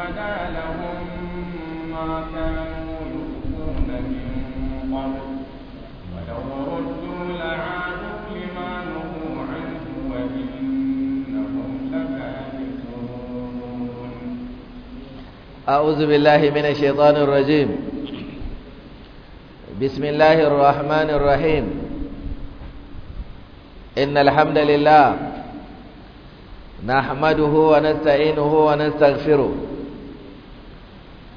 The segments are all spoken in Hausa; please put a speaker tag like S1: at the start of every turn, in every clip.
S1: بدا لهم ما كانوا يخفون من قبل ولو ردوا لعادوا لما نهوا عنه وإنهم لكاذبون
S2: أعوذ بالله من الشيطان الرجيم بسم الله الرحمن الرحيم إن الحمد لله نحمده ونستعينه ونستغفره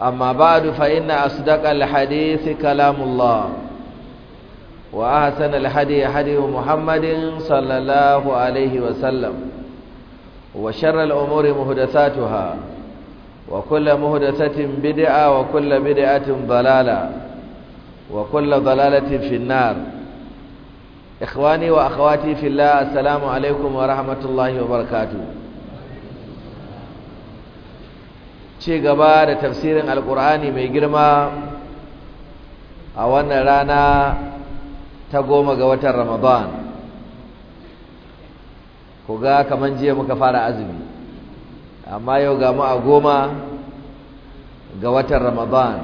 S2: أما بعد فإن أصدق الحديث كلام الله وأحسن الحديث حديث محمد صلى الله عليه وسلم وشر الأمور مهدثاتها وكل مهدثة بدعة وكل بدعة ضلالة وكل ضلالة في النار إخواني وأخواتي في الله السلام عليكم ورحمة الله وبركاته ce gaba da tafsirin alkur'ani mai girma a wannan rana ta goma ga watan ramadan ku ga kamar jiya muka fara azumi amma yau ga mu a goma ga watan ramadan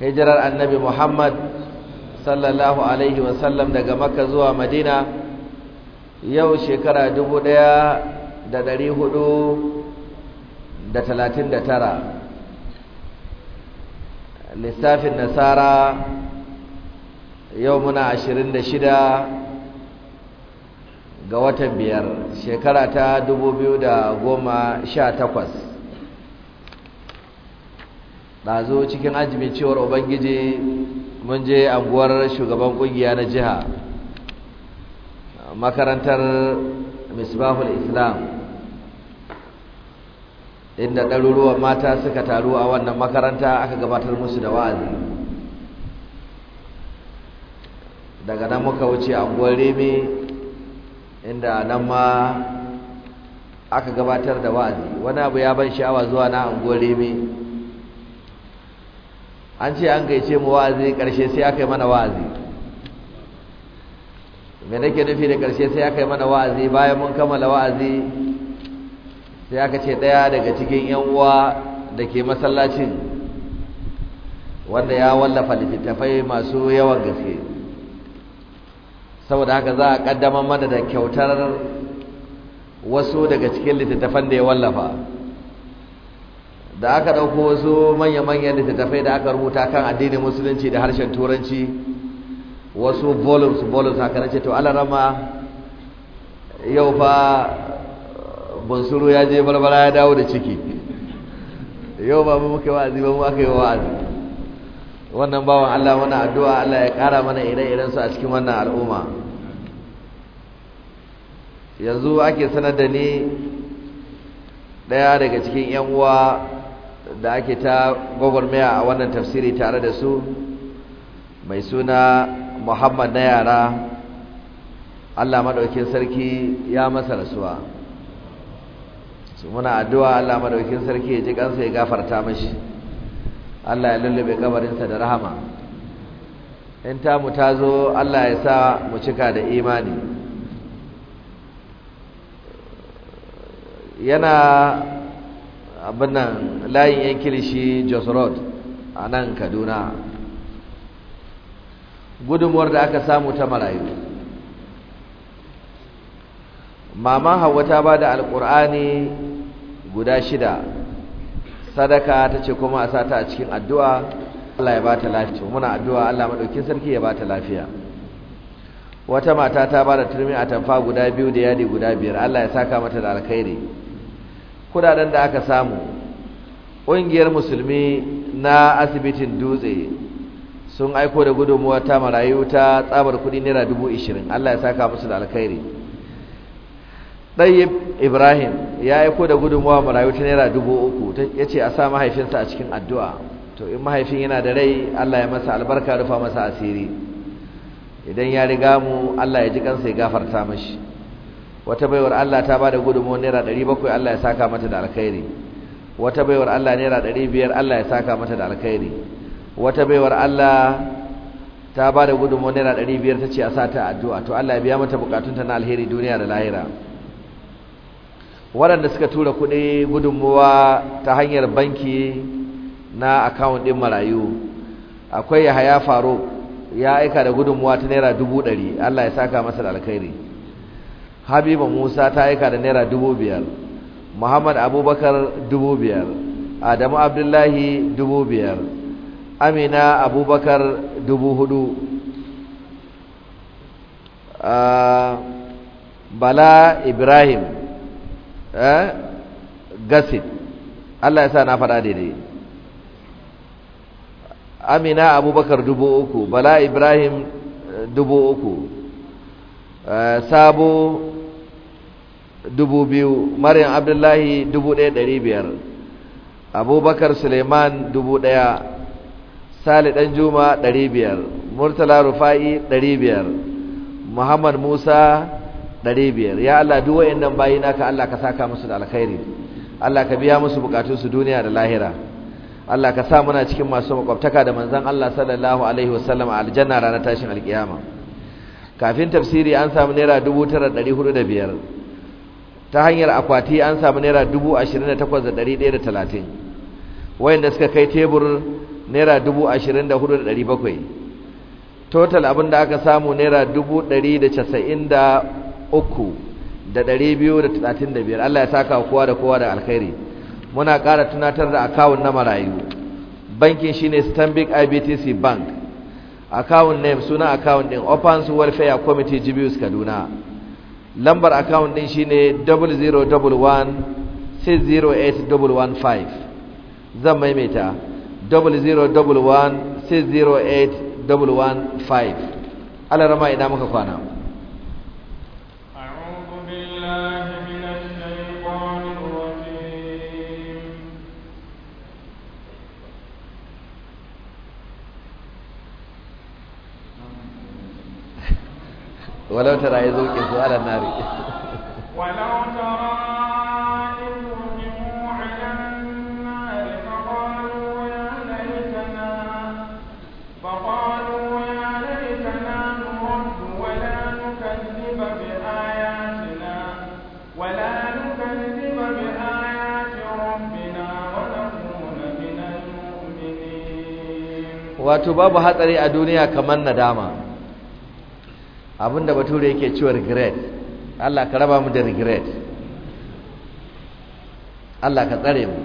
S2: hijirar annabi muhammad sallallahu alaihi wasallam daga makka zuwa madina yau shekara dubu ɗaya da ɗari hudu da talatin da tara lissafin nasara yau muna ashirin da shida ga watan biyar shekara ta dubu biyu da goma sha takwas ɗazu cikin ajimin cewar ubangiji mun je anguwar shugaban ƙungiya na jiha makarantar misbahul islam inda ɗaruruwan mata suka taru a wannan makaranta aka gabatar musu da wa'azi daga nan muka wuce anguwar remi inda nan ma aka gabatar da wa'azi wani abu ya ban sha'awa zuwa na anguwar remi an ce an gaice mu wa'azi ƙarshe sai aka yi mana wa'azi me nake nufi da ƙarshe sai aka yi mana wa'azi bayan mun kammala wa'azi sai aka ce ɗaya daga cikin 'yan uwa da ke masallacin wanda ya wallafa littafai masu yawan gaske saboda haka za a ƙaddamar mana da kyautar wasu daga cikin littafan da ya wallafa da aka ɗauko wasu manya-manyan littafai da aka rubuta kan addinin musulunci da harshen turanci wasu volumes volumes haka nace ce to alarama yau fa bansuro ya je barbara ya dawo da ciki yau ba mu muka wa'azi ba mu aka yi wa'azi wannan bawan Allah muna addu'a Allah ya kara mana ire-iren su a cikin wannan al'umma yanzu ake sanar da ni ɗaya daga cikin 'yan uwa da ake ta gwagwarmaya a wannan tafsiri tare da su mai suna muhammad na yara allah maɗaukin sarki ya masa rasuwa su muna addu'a Allah madaukin sarki ya ji kansa ya gafarta mashi Allah ya lullube kabarinsa da rahama in ta mu ta zo Allah ya sa mu cika da imani yana abin nan layin yan kilishi Jos Road a nan Kaduna gudunmuwar da aka samu ta marayu maman hawa ta ba da alƙur'ani guda shida sadaka ta ce kuma a sata a cikin addu'a Allah ya bata lafiya muna addu'a Allah maɗaukin sarki ya bata lafiya wata mata ta ba da turmi a tamfa guda biyu da yadi guda biyar Allah ya saka mata da alkhairi kudaden da aka samu ƙungiyar musulmi na asibitin dutse sun aiko da gudunmuwa ta marayu ta tsabar kuɗi naira dubu ishirin Allah ya saka musu da alkhairi ɗayyib ibrahim ya aiko da gudunmuwa marayu ta naira dubu uku ya ce a sa mahaifinsa a cikin addu'a to in mahaifin yana da rai allah ya masa albarka rufa masa asiri idan ya riga mu allah ya ji kansa ya gafarta mashi wata baiwar allah ta ba da gudunmuwa naira ɗari bakwai allah ya saka mata da alkhairi wata baiwar allah naira ɗari biyar allah ya saka mata da alkhairi wata baiwar allah ta ba da gudunmuwa naira ɗari biyar ta ce a sa ta addu'a to allah ya biya mata bukatunta na alheri duniya da lahira waɗanda suka tura kuɗi gudunmuwa ta hanyar banki na akawun ɗin marayu akwai yahaya faruk ya aika da gudunmuwa ta naira dubu ɗari allah ya saka masa da alkhairi habiba musa ta aika da naira dubu biyar muhammad abubakar dubu biyar adamu abdullahi dubu biyar amina abubakar dubu hudu ah, bala ibrahim Eh? gasit Allah ya sa na faɗa daidai amina abubakar dubu uku bala ibrahim eh, dubu uku eh, sabo dubu biyu maryam abdullahi dubu ɗaya ɗari biyar abubakar suleiman dubu ɗaya sali ɗan juma ɗari biyar murtala rufa'i ɗari biyar muhammad musa 500 ya Allah duk wayannan bayi naka Allah ka saka musu da alkhairi Allah ka biya musu bukatun su duniya da lahira Allah ka sa muna cikin masu makwabtaka da manzon Allah sallallahu alaihi wasallam a aljanna ranar tashin alkiyama kafin tafsiri an samu naira 9405 ta hanyar akwati an samu naira 28130 wayanda suka kai tebur naira 24700 total hudu da aka samu naira da. uku da ɗari biyu da talatin da biyar Allah ya saka kowa da kowa da alkhairi muna ƙara tunatar da akawun na marayu bankin shine stanbic ibtc bank akawun name suna akawun ɗin opens welfare committee jibius kaduna lambar akawun ɗin shine 0011608115 zan maimaita 0011608115 Allah rama ina muka kwana ولو ترى يزوك على
S3: النار ولو ترى
S2: wato babu hatsari a duniya kamar nadama abinda bature yake cewa regret Allah ka raba mu da regret Allah ka tsare mu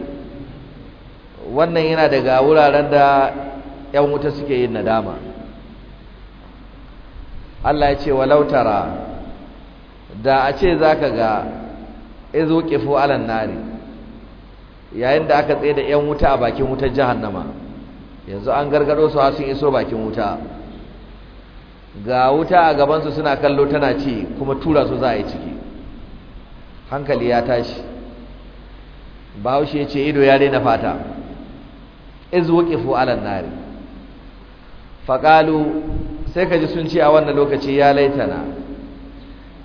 S2: wannan yana daga wuraren da ‘yan wuta suke yin nadama Allah ya ce walautara da a ce za ka ga izo ƙifo alan nari yayin da aka tsaye da ‘yan wuta a bakin wutar jahannama yanzu an gargado su sun iso bakin wuta ga wuta a gabansu suna kallo tana ci kuma tura su za a yi ciki hankali ya tashi bahaushe ce ido ya daina fata iz wuqifu alan nari faƙalu sai kaji sun ce a wannan lokaci ya laitana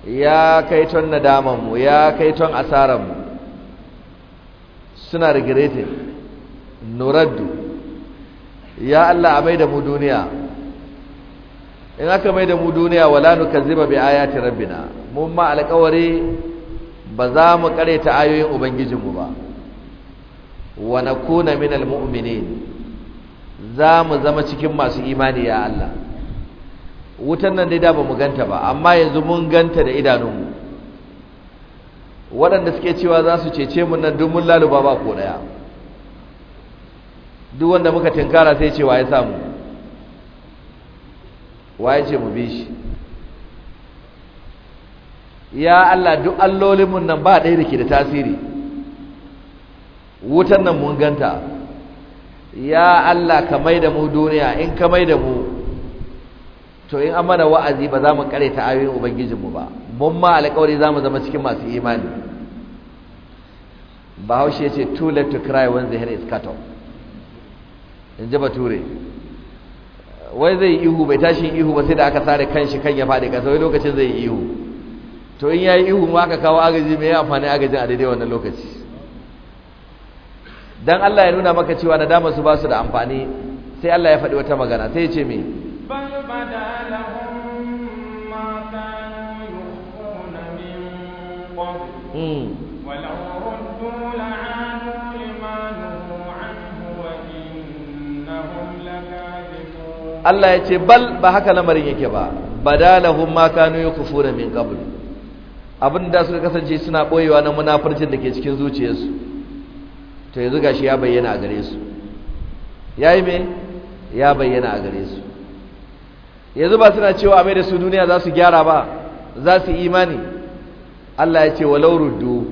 S2: ya kai ton nadamanmu mu ya kai ton asaran mu suna regretting nuraddu ya Allah a mai da mu duniya in aka mai da mu duniya wala nukazziba bi ayati rabbina mun ma alƙawari ba za mu ta ayoyin ubangijinmu ba wa nakuna minal mu'minin za mu zama cikin masu imani ya Allah wutan nan dai da ba mu ganta ba amma yanzu mun ganta da idanunmu waɗanda suke cewa za su cece mu nan duk mun laluba ba ko ɗaya duk wanda muka tinkara sai cewa ya samu waye ce mu bi shi ya Allah duk allolinmu nan ba ɗaya da ke da tasiri wutan nan mun ganta ya Allah ka mai da mu duniya in ka mai mu to in an mana wa'azi ba za mu ta ayoyin ubangijinmu ba mun ma alƙawari za mu zama cikin masu imani bahaushe ya ce too late to cry when the hair is cut off in ji bature wai zai ihu bai tashi ihu ba sai da aka sare kanshi kan ya faɗi ƙasa wai lokacin zai ihu to in yayi ihu ma aka kawo agaji mai amfani agajin a daidai wannan lokaci dan Allah ya nuna maka cewa nadama su ba su da amfani sai Allah ya faɗi wata magana sai ya ce me
S1: Allah ya ce bal
S2: ba haka lamarin yake ba badalahum ma kanu yakfuruna min qabl abin da suka kasance suna boyewa na munafircin da ke cikin zuciyarsu to yanzu gashi ya bayyana a gare su yayi me ya bayyana a gare su yanzu ba suna cewa a mai da su duniya za su gyara ba za su imani Allah ya ce walau ruddu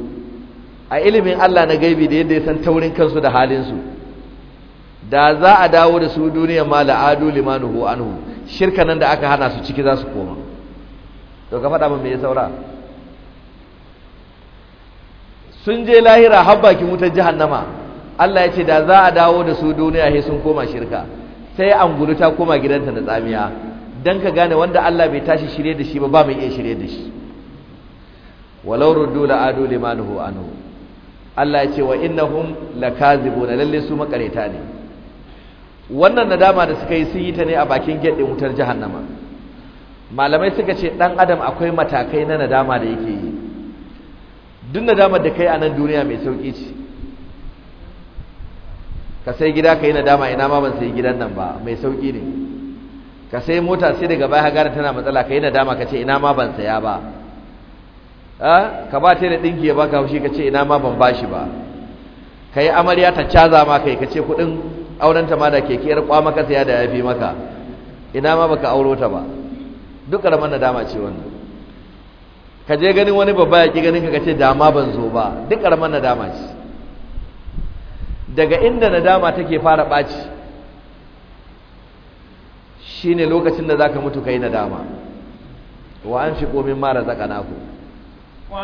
S2: a ilimin Allah na gaibi da yadda ya san taurin kansu da halin su da za a dawo da su duniyar ma la'adu limanuhu anhu shirka nan da aka hana su ciki za su koma to ka faɗa min me ya saura sun je lahira har ki wutar jahannama Allah ya ce da za a dawo da su duniya he sun koma shirka sai angulu ta koma gidanta na tsamiya dan ka gane wanda Allah bai tashi shirye da shi ba ba mai iya shirye da shi walau ruddu la'adu limanuhu anhu Allah ya ce wa innahum lakazibuna lalle su makareta ne wannan nadama da suka yi sun yi ta ne a bakin gate wutar jahannama malamai suka ce dan adam akwai matakai na nadama da yake yi duk nadamar da kai a nan duniya mai sauki ce ka sai gida ka yi nadama ina ma ban sai gidan nan ba mai sauki ne ka sai mota sai daga baya gara tana matsala ka yi nadama ka ce ina ma ban saya ba ka ba ta yi da ɗinki ya baka haushi ka ce ina ma ban bashi ba ka yi amarya ta caza ma kai ka ce kuɗin auren ta ma da keke yar kwa maka saya da yafi maka ina ma baka auro ta ba duk karaman nadama ce wannan ka je ganin wani babba ya ki ganin ka kace dama ban zo ba duk karaman nadama ce daga inda nadama take fara baci shine lokacin da zaka mutu kai nadama wa anfiqu mimma razaqnakum
S1: wa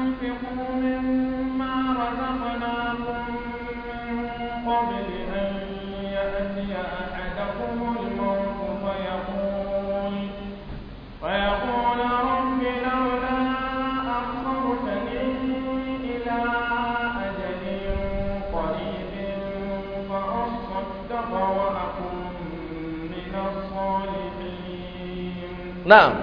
S1: anfiqu mimma razaqnakum qabli يأتي الموت فيقول فيقول لولا إلى أجل قريب فأصدق وأكن من
S2: الصالحين نعم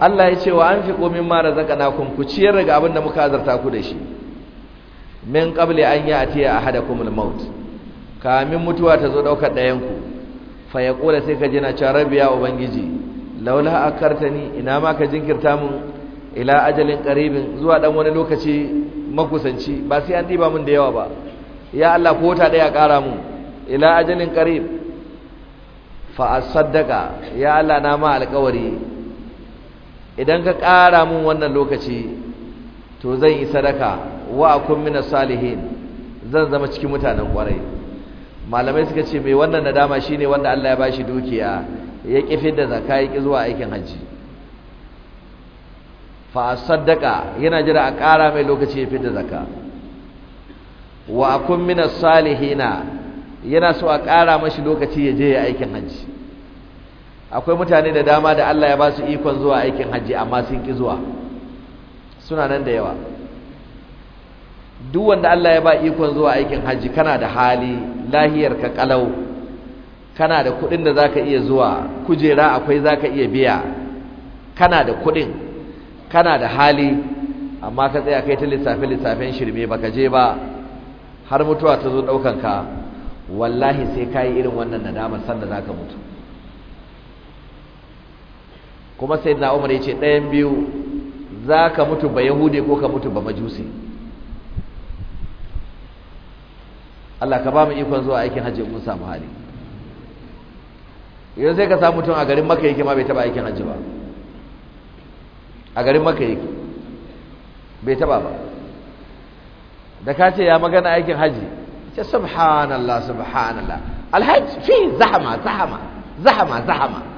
S1: Allah ya ce wa an fi
S2: komin mara zaka na kun ku ciyar daga abin da muka azarta ku da shi min qabli an a atiya ahadakumul maut kamin mutuwa ta zo daukar ɗayanku, ku fa yaqula sai ka jina cha rabbiya ubangiji laula akartani ina ma ka jinkirta mun ila ajalin qaribin zuwa dan wani lokaci makusanci ba sai an diba mun da yawa ba ya Allah ko ta daya kara mun ila ajalin qarib fa asaddaka ya Allah na ma alƙawari idan ka ƙara mun wannan lokaci to zan yi sadaka wa akun mina salihin zan zama cikin mutanen ƙwarai malamai suka ce mai wannan nadama shine wanda Allah ya bashi dukiya ya ƙi da zakka ya ƙi zuwa aikin hajji fa saddaka yana jira a ƙara mai lokaci ya fidda zakka wa akun mina salihina yana so a ƙara mashi lokaci ya je ya aikin hajji akwai mutane da dama da Allah ya ba su ikon zuwa aikin hajji amma sun ki zuwa suna nan da yawa duk wanda Allah ya ba ikon zuwa aikin hajji kana da hali lahiyar ka kalau kana da kudin da zaka iya zuwa kujera akwai zaka iya biya kana da kudin kana da hali amma ka tsaya kai ta lissafe lissafen shirme baka je ba har mutuwa ta zo daukan ka wallahi sai kai irin wannan nadama sanda zaka mutu kuma sai na umar ya ce ɗayan biyu za ka mutu ba Yahudi ko ka mutu ba majusi Allah ka ba mu ikon zuwa aikin hajji mun samu hali idan sai ka samu mutum a garin maka yake ma bai taba aikin hajji ba a garin maka yake bai taba ba da ka ce ya magana aikin hajji ce subhanallah subhanallah alhaji fi zahama zahama zahama zahama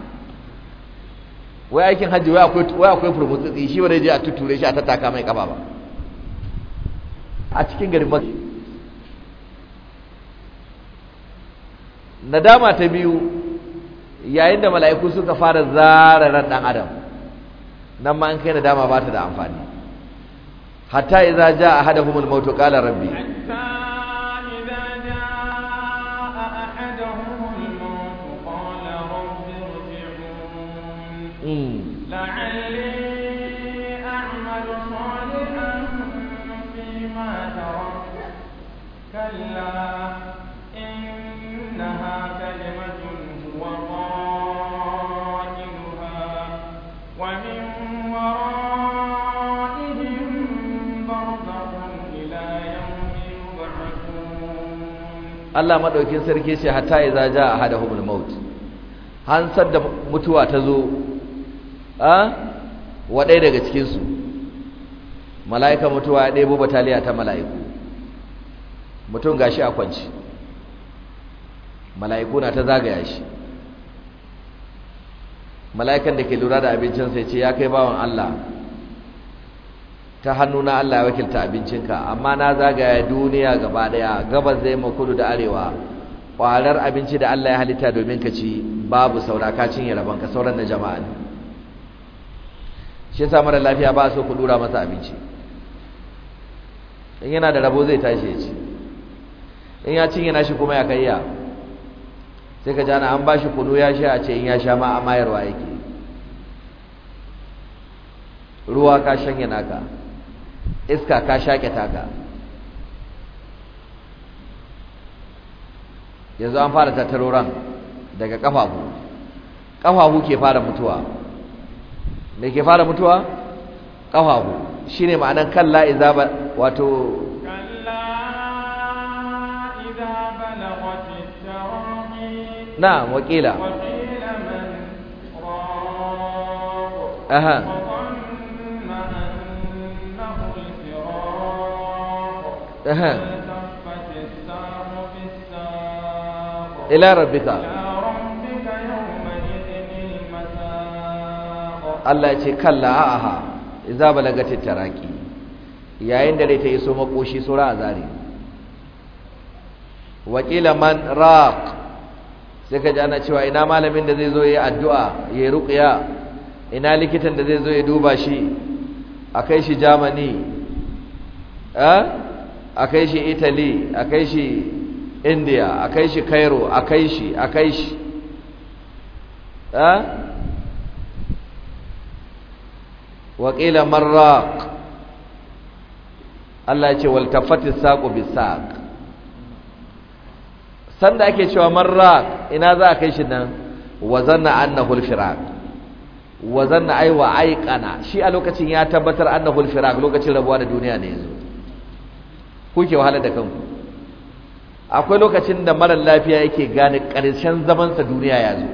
S2: wai aikin hajji wai akwai wai shi ba je a tuture shi a tattaka mai kaba ba a cikin garin Makka nadama ta biyu yayin da mala'iku suka fara zara ran dan adam nan ma an kai nadama ba ta da amfani hatta ja idza kuma ahaduhumul mautu qala
S1: rabbi
S2: Allah maɗaukin sarki shi hata ya za a hada hulmaut, hansar da mutuwa ta zo a waɗai daga cikinsu mala'ika mutuwa ya ɗebo bataliya ta mala'iku mutum gashi a kwanci mala'iku na ta zagaya shi mala'ikan da ke lura da abincin sai ce ya kai bawan Allah ta hannuna Allah ya wakilta abincinka amma na zagaya duniya gaba daya gabas zai makudu da arewa kwarar abinci da Allah ya halitta domin ka ci babu saura ka cinye rabonka sauran na jama'a ne shi yasa mara lafiya ba so ku dura masa abinci in yana da rabo zai tashi ya ci in ya cinye nashi kuma ya kaiya sai ka jana an bashi kunu ya sha a ce in ya sha ma a mayarwa yake ruwa ka shanye naka iska ka shaƙe taka yanzu an fara tattaro ran daga ƙafafu ƙafafu ke fara mutuwa me ke fara mutuwa ƙafafu shine ma'anan kalla idza ba wato na'am aha aha ila rabbika
S1: Allah ya ce kalla
S2: aha idza balagatit taraqi yayin da na ta iso makoshi sura azari wakila man raq sai ka ji cewa ina malamin da zai zo ya yi addu'a ya yi ruqya ina likitan da zai zo ya duba shi kai shi Germany a kai shi Italy kai shi India kai shi Cairo kai shi kai shi wa qila marraq Allah ya ce wal tafati saqu bisaq sanda ake cewa marraq ina za a kai shi nan wazanna zanna annahu al firaq wa zanna wa aiqana shi a lokacin ya tabbatar annahu al firaq lokacin rabuwa da duniya ne yanzu kuke wahala da kanku akwai lokacin da marar lafiya yake gane ƙarshen zamansa duniya ya zo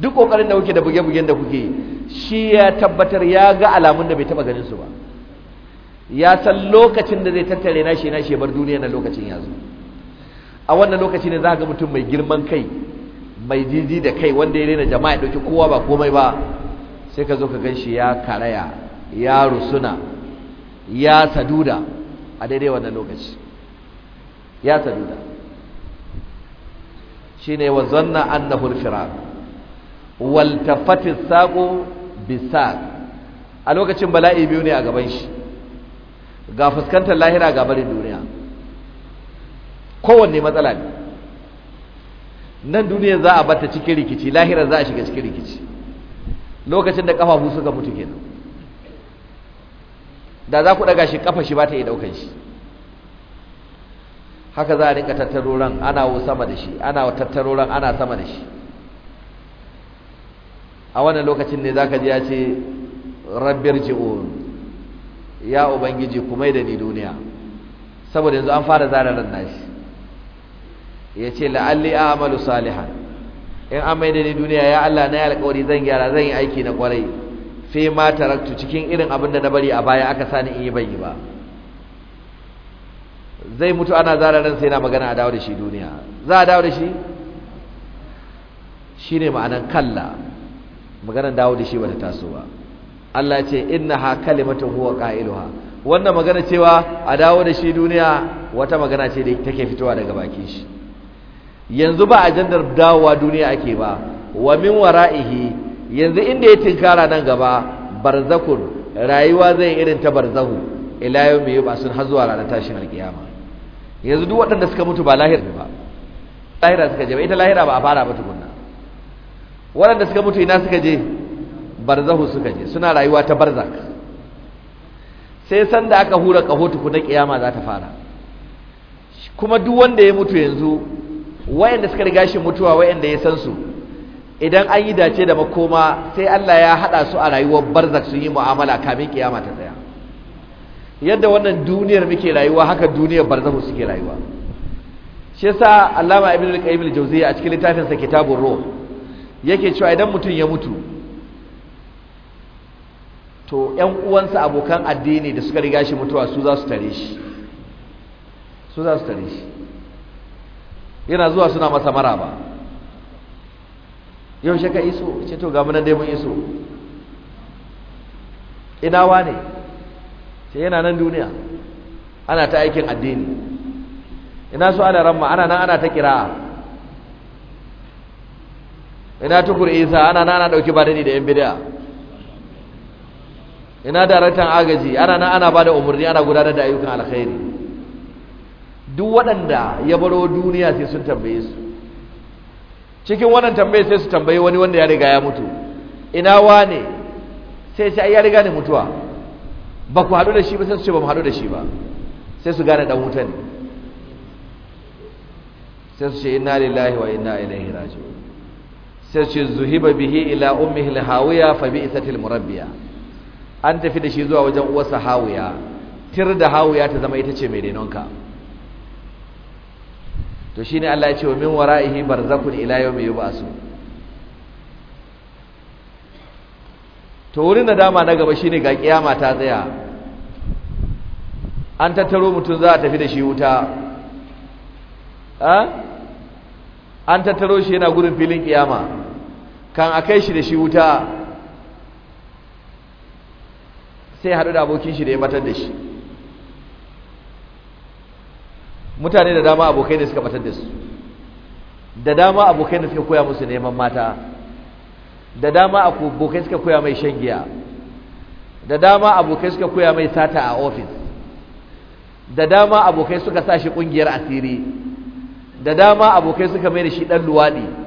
S2: duk kokarin da kuke da buge-bugen da kuke shi ya tabbatar ya ga alamun da bai taba ganin su ba ya san lokacin da zai tattare na shi na shi bar duniya na lokacin ya zo a wannan lokaci ne za ga mutum mai girman kai mai jiji da kai wanda ya rena jama'a ya ɗauki kowa ba komai ba sai ka zo ka gan shi ya karaya ya rusuna ya saduda a daidai wannan lokaci ya saduda shine wa zanna annahu al-firaq Waltafatis saƙo bisa a lokacin bala'i biyu ne a gaban shi ga fuskantar lahira ga barin duniya kowanne matsala ne nan duniya za a bata cikin rikici lahira za a shiga cikin rikici lokacin da kafafu suka mutu kenan da za ku daga shi kafa shi ba ta yi daukan shi haka za a rinka tattaro ran ana sama da shi ana tattaro ran ana sama da shi a wannan lokacin ne zaka ji ya ce rabbir ji'un ya ubangiji kuma da ni duniya saboda yanzu an fara zara ran nashi ya ce la'alli a'malu salihan in an mai da ni duniya ya Allah na yi alkawari zan gyara zan yi aiki na kwarai fi ma taraktu cikin irin abin da na bari a baya aka sani in yi bai ba zai mutu ana zara ran sai na magana a dawo da shi duniya za a dawo da shi shine ma'anan kalla maganar dawo da shi bata taso ba Allah ce ha kalimatun huwa qailuha wannan magana cewa a dawo da shi duniya wata magana ce da take fitowa daga bakin shi yanzu ba ajandar dawowa duniya ake ba wa min wara'ihi yanzu inda ya tinkara nan gaba barzakun rayuwa zai irin ta barzahu ila mai ba sun zuwa ranar tashin alkiyama yanzu duk waɗanda suka mutu ba lahira ba lahira suka je ba ita lahira ba a fara ba tukun waɗanda suka mutu ina suka je barzahu suka je suna rayuwa ta barzak sai sanda aka hura ƙaho tukuna ƙiyama za ta fara kuma duk wanda ya mutu yanzu wayanda suka riga shi mutuwa wayanda ya san su idan an yi dace da makoma sai Allah ya haɗa su a rayuwar barzak sun yi mu'amala kamin ƙiyama ta tsaya yadda wannan duniyar muke rayuwa haka duniyar barzahu suke rayuwa shi yasa Allama Ibn al-Qayyim al-Jawziyya a cikin littafin sa Kitabur Ruh yake cewa idan mutum ya mutu to ƴan uwansa abokan addini da suka riga shi mutuwa su za su tare shi su za su tare shi yana zuwa suna masa mara ba yau shaka iso ce to ga munan dai mun iso inawa ne ce yana nan duniya ana ta aikin addini ina su ana ramma ana nan ana ta kira'a ina tukur isa ana nana dauki ba dadi da yan bid'a ina daratan agaji ana nana ana bada umurni ana gudanar da ayyukan alkhairi duk waɗanda ya baro duniya sai sun tambaye su cikin wannan tambaye sai su tambayi wani wanda ya riga ya mutu ina wane sai sai ya riga ne mutuwa ba ku haɗu da shi ba sai su ce ba mu haɗu da shi ba sai su gane ɗan wuta ne sai su ce inna lillahi wa inna ilaihi raji'un sai ce zuhiba bihi ila ummihi lahawiya fa bi'satil murabbiya an tafi da shi zuwa wajen uwarsa hawiya tir da hawiya ta zama ita ce mai renonka to shine Allah ya ce wa min wara'ihi barzakun ila yawmi yub'asu to wurin da dama na gaba shine ga kiyama ta tsaya an tattaro mutum za a tafi da shi wuta ah? an tattaro shi yana gurin filin kiyama kan a kai shi da shi wuta sai haɗu da abokin shi da ya batar da shi mutane da dama abokai ne suka batar da su da dama abokai ne suka koya musu neman mata da dama abokai suka koya mai shan giya da dama abokai suka koya mai sata a ofis da dama abokai suka sa shi ƙungiyar asiri da dama abokai suka mai da shi ɗan luwaɗi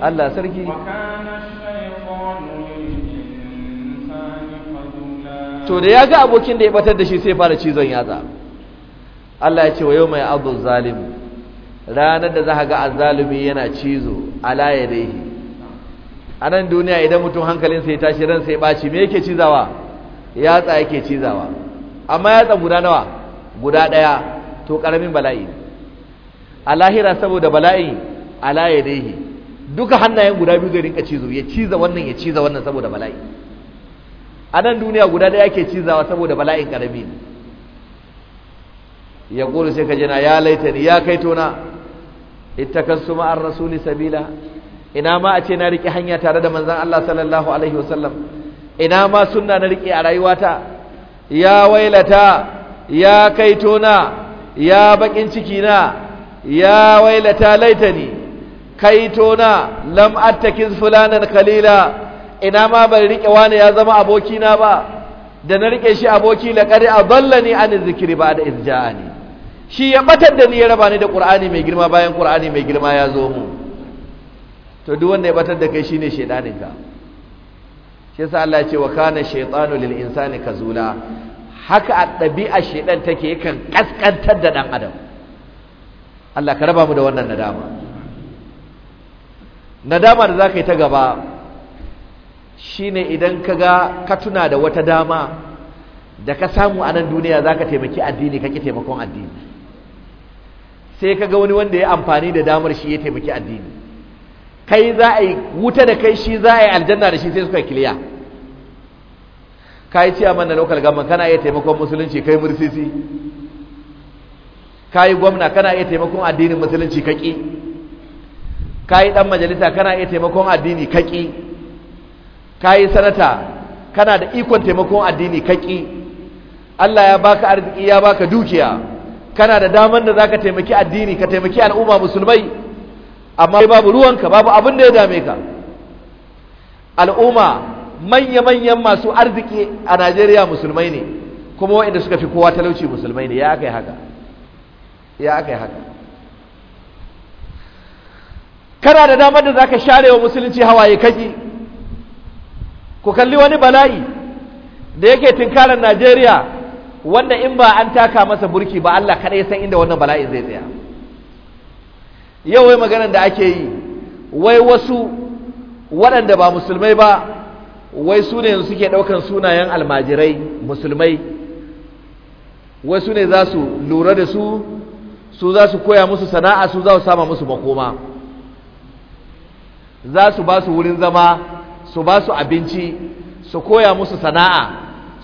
S1: Allah sarki to da ya ga abokin da
S2: ya batar da shi sai fara cizon yatsa Allah ya ce wa yau mai abu zalim ranar da za ga azzalumi yana cizo ala ya a nan duniya idan mutum hankalin ya tashi ransa ya ɓaci me yake cizawa yatsa yake cizawa amma yatsa guda nawa guda ɗaya to ƙaramin bala'i a lahira saboda bala'i ala ya duka hannayen guda biyu zai rinka cizo ya ciza wannan ya ciza wannan saboda bala'i a nan duniya guda ɗaya ke cizawa saboda bala'in karami ne ya ƙoro sai ka jina ya laita ni ya kai tona ita kan su ma'ar rasuli sabila ina ma a ce na riƙe hanya tare da manzan Allah sallallahu alaihi wasallam ina ma sunna na riƙe a rayuwata ya wailata ya kai tona ya baƙin ciki na ya wailata laitani kai tona lam attakiz fulanan kalila ina ma bai rike wani ya zama abokina ba da na rike shi aboki laqad adallani an zikri ba da shi ya batar da ni ya raba ni da qur'ani mai girma bayan qur'ani mai girma ya zo mu to duk wanda ya batar da kai shine shedanin ka shi yasa Allah ya ce wa kana shaytanu lil insani kazula haka a dabi'a shedan take yakan kaskantar da dan adam Allah ka raba mu da wannan nadama nadama da za ka yi ta gaba shi ne idan ka ga ka tuna da wata dama da ka samu a nan duniya za ka taimaki addini ka ƙi taimakon addini sai ka ga wani wanda ya amfani da damar shi ya taimaki addini kai za a yi wuta da kai shi za a yi aljanna da shi sai suka kiliya ka yi ciya mana local government kana iya taimakon musulunci kai mursisi ka yi gwamna kana iya taimakon addinin musulunci ka ƙi ka yi ɗan majalisa kana iya taimakon addini kaƙi ka yi sanata kana da ikon taimakon addini kaƙi Allah ya baka arziki ya baka dukiya kana da damar da za ka taimaki addini ka taimaki al'umma musulmai amma babu ruwanka babu abin da ya dame ka al'umma manya-manyan masu arziki a Najeriya musulmai ne kuma waɗanda suka fi kowa talauci musulmai ne ya aka yi haka ya aka yi haka kana da damar da zaka share wa musulunci hawaye kaji ku kalli wani bala'i da yake tinkarar Najeriya wanda in ba an taka masa burki ba Allah kada ya san inda wannan bala'i zai tsaya yau wai maganar da ake yi wai wasu waɗanda ba musulmai ba wai su ne suke ɗaukan sunayen almajirai musulmai wai su ne za su lura da su su za su koya musu sana'a su za su sama musu makoma za su ba su wurin zama su ba su abinci su koya musu sana'a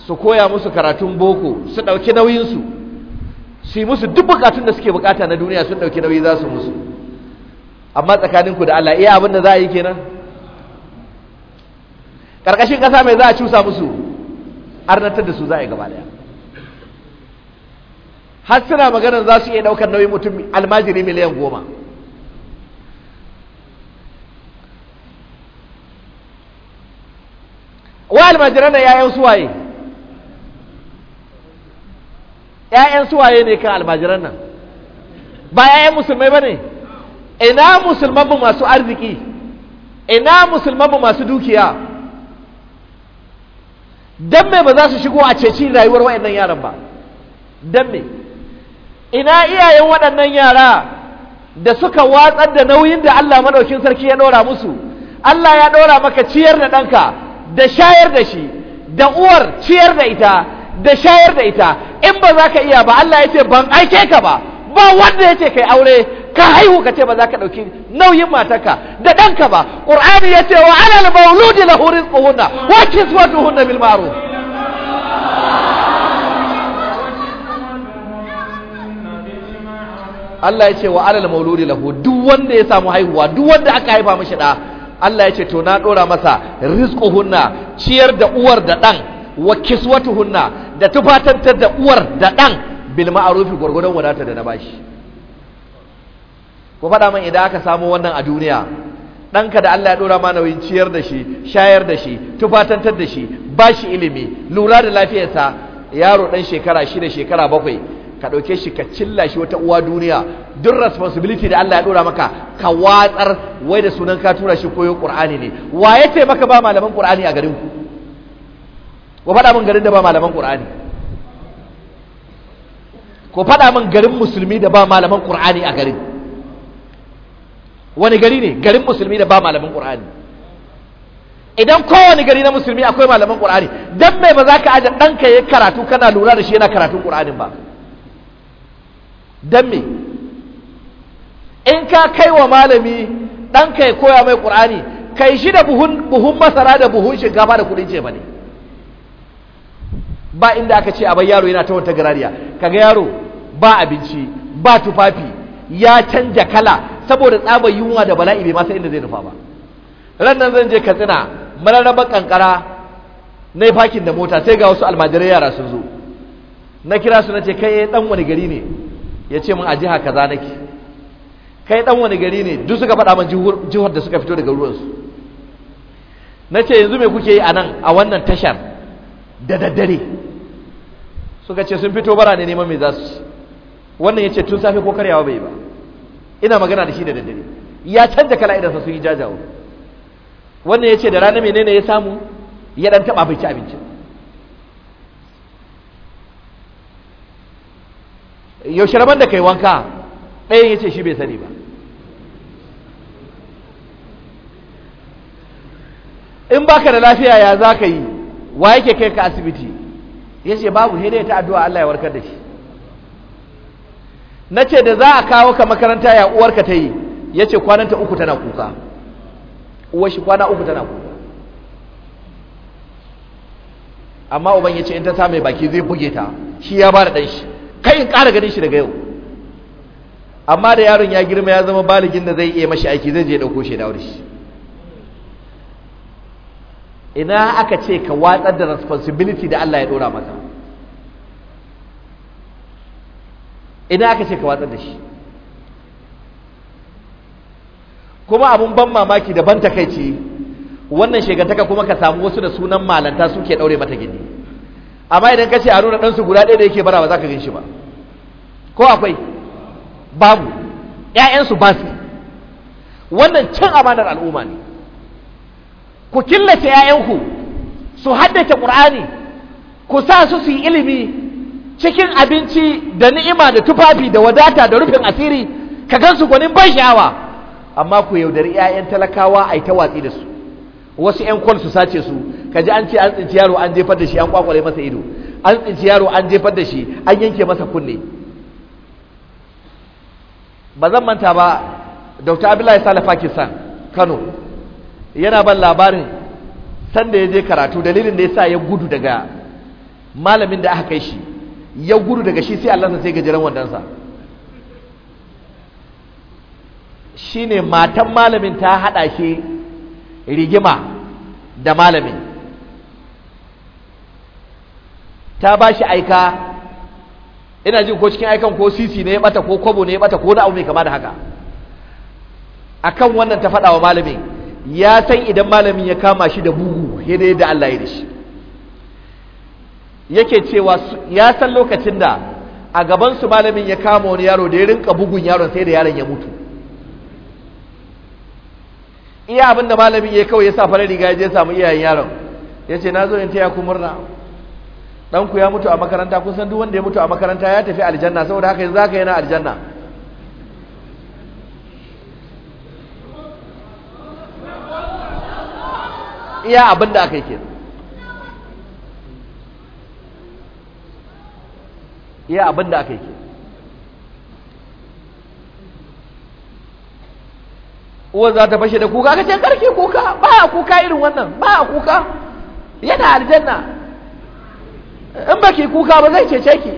S2: su koya musu karatun boko su ɗauki nauyinsu su yi musu duk bukatun da suke bukata na duniya sun ɗauki nauyi za su musu amma tsakaninku da Allah iya abin da za a yi kenan ƙarƙashin ƙasa mai za a cusa musu arnatar da su za a yi gaba daya har suna maganar za su iya ɗaukar nauyin mutum almajiri miliyan goma wa almajiran yayan suwaye yayan suwaye ne kan almajiran nan ba ya'yan musulmai ba ne ina musulman bu masu arziki ina musulman bu masu dukiya dan me ba za su shigo a ceci rayuwar waɗannan yaran ba dan me ina iyayen waɗannan yara da suka watsar da nauyin da Allah madaukin sarki ya ɗora musu Allah ya ɗora maka ciyar da ɗanka da shayar da shi da uwar ciyar da ita da shayar da ita in ba za ka iya ba Allah ya ce ban aike ka ba ba wanda ya ce kai aure ka haihu ka ce ba za ka ɗauki nauyin matarka da ɗanka ba ƙur'ani ya ce wa alal mauludi lahu rizquhunna wa kiswatuhunna bil ma'ruf Allah ya ce wa alal mauludi lahu duk wanda ya samu haihuwa duk wanda aka haifa mishi da Allah ya ce to na dora masa rizquhunna ciyar da uwar da dan wa kiswatuhunna da tufatantar da uwar da dan bil ma'rufi gurgurdan wadata da na bashi ko faɗa min idan aka samu wannan a duniya ɗanka da Allah ya ɗora ma nauyin ciyar da shi shayar da shi tufatantar da shi bashi ilimi lura da lafiyarsa yaro ɗan shekara da shekara bakwai ka ɗauke shi ka cilla shi wata uwa duniya duk responsibility da Allah ya ɗora maka ka watsar wai da sunan ka tura shi koyo ƙur'ani ne wa ya ce maka ba malaman ƙur'ani a garin ku wa faɗa min garin da ba malaman ƙur'ani ko faɗa min garin musulmi da ba malaman ƙur'ani a garin wani gari ne garin musulmi da ba malaman ƙur'ani idan kowane gari na musulmi akwai malaman ƙur'ani dan mai ba za ka aje ɗanka ya karatu kana lura da shi yana karatun ƙur'anin ba don me in ka kai wa malami ɗanka ya koya mai ƙur'ani kai shi da buhun masara da buhun shinkafa da kuɗin ce ba ne ba inda aka ce abai yaro yana ta wata garariya kaga yaro ba abinci ba tufafi ya canja kala saboda tsabar yunwa da bala'i bai masa inda zai nufa ba ran nan zan je katsina mararraba kankara na yi fakin da mota sai ga wasu almajirai yara sun zo na kira su na ce kai ɗan wani gari ne ya ce min a jiha kaza nake kai dan wani gari ne duk suka faɗa min jihar da suka fito daga ruwansu na ce yanzu me kuke yi a nan a wannan tashar da daddare suka ce sun fito bara ne neman me za su wannan ya ce tun safe ko karyawa bai ba ina magana da shi da daddare ya canja kala idan sun yi jajawo wannan ya ce da rana menene ya samu ya dan taɓa abinci abincin abinci yaushe rabar da kai wanka ɗayan ya ce shi bai sani ba in baka da lafiya ya za ka yi wa yake kai ka asibiti ya ce babu sai ta addu'a Allah ya warkar da shi na ce da za a kawo ka makaranta ya uwarka ta yi ya ce kwananta uku tana kuka uwar shi kwana uku tana kuka amma uban ya ce in ta sa mai baki zai buge ta shi ya ba da ɗanshi kai in ƙara ganin shi daga yau amma da yaron ya girma ya zama baligin da zai iya mashi aiki zai je ɗauko shi da shi ina aka ce ka watsar da responsibility da Allah ya ɗora maka ina aka ce ka watsar da shi kuma abun ban mamaki da ban takaici wannan shegantaka kuma ka samu wasu da sunan malanta suke ɗaure mata gindi amma idan ka ce nuna ɗansu guda ɗaya da yake bara ba za ka gan shi ba ko akwai babu ‘ya'yansu ba su wannan cin amanar al'umma ne ku killace ku su haddace ƙur'ani ku sa su su yi ilimi cikin abinci da ni'ima da tufafi da wadata da rufin asiri ka gan su gwanin ban sha'awa amma ku yaudari ‘ya'yan talakawa a yi ta watsi da su wasu yan kwal su sace su kaji an ce an tsinci yaro an jefar da shi an kwakwale masa ido an tsinci yaro an jefar da shi an yanke masa kunne ba zan manta ba dr abdullahi ke pakistan kano yana ban labarin sanda ya je karatu dalilin da ya sa ya gudu daga malamin da aka kai shi ya gudu daga shi sai allah sai gajeren wandonsa shine matan malamin ta haɗa shi rigima da malamin ta ba shi aika ina jin ko cikin aikan ko sisi ne ya bata ko kwabo ne ya bata ko na abu mai kama da haka akan wannan ta faɗa wa malamin ya san idan malamin ya kama shi da bugu ya da Allah ya shi yake cewa ya san lokacin da a gabansu malamin ya kama wani yaro da ya rinka bugun yaron sai da yaron ya mutu iya abin da malami ya kawai ya sa farar riga ya je samu iyayen yaron ya ce na zo in taya ku murna ɗanku ya mutu a makaranta kun san duk wanda ya mutu a makaranta ya tafi aljanna saboda haka yanzu haka yana aljanna iya abin da aka yi ke iya abin da aka yi ke uwar za ta fashe da kuka ga ce karki kuka ba a kuka irin wannan ba a kuka yana aljanna in ba ki kuka ba zai cece ki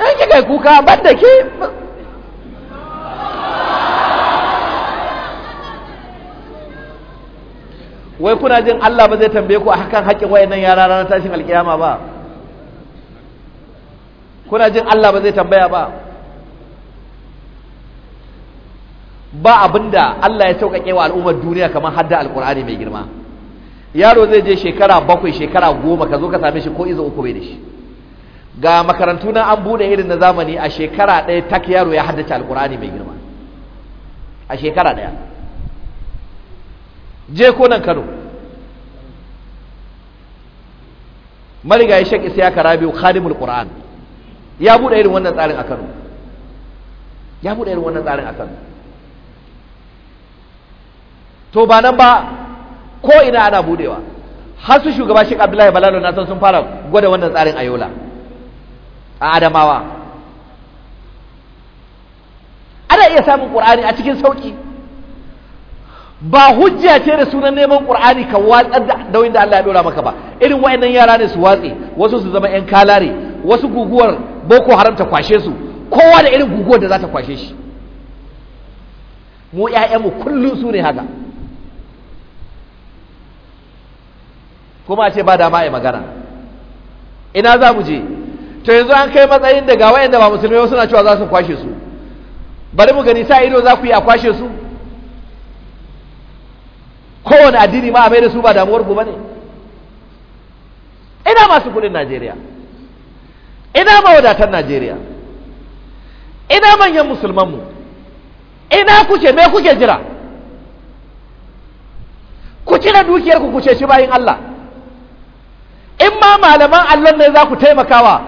S2: in kika kai kuka ban da ke wai kuna jin Allah ba zai tambaye ku a hakan haƙƙin wayannan yara ranar tashin alƙiyama ba kuna jin Allah ba zai tambaya ba ba abinda Allah ya sauƙaƙe wa al'ummar duniya kamar hadda alƙur'ani mai girma yaro zai je shekara bakwai shekara goma ka zo ka same shi ko izo uku bai da shi ga makarantu na an buɗe irin na zamani a shekara ɗaya tak yaro ya haddace alƙur'ani mai girma a shekara ɗaya je ko nan kano ya shaƙi isa ya kara biyu khadimul qur'an ya buɗe irin wannan tsarin a kano ya irin wannan tsarin a kano to ba nan ba ko ina ana budewa har su shugaba shi Abdullahi Balalo na san sun fara gwada wannan tsarin ayola a Adamawa ana iya samun ƙur'ani a cikin sauki ba hujja ce da sunan neman ƙur'ani ka watsar da nauyin da Allah ya dora maka ba irin wayannan yara ne su watse wasu su zama yan kalare wasu guguwar boko haram ta kwashe su kowa da irin guguwar da za ta kwashe shi mu ƴaƴanmu kullum su ne haka kuma ce ba dama a magana ina za mu je to yanzu an kai matsayin da ga wayanda ba musulmai suna cewa za su kwashe su bari mu gani sa ido za ku yi a kwashe su kowane addini ma a mai da su ba damuwar ku bane ina masu kudin Najeriya ina mawadatan Najeriya ina manyan musulmanmu ina kuke me kuke jira ku cire dukiyarku ku shi bayin Allah in ma malaman allon ne za ku taimakawa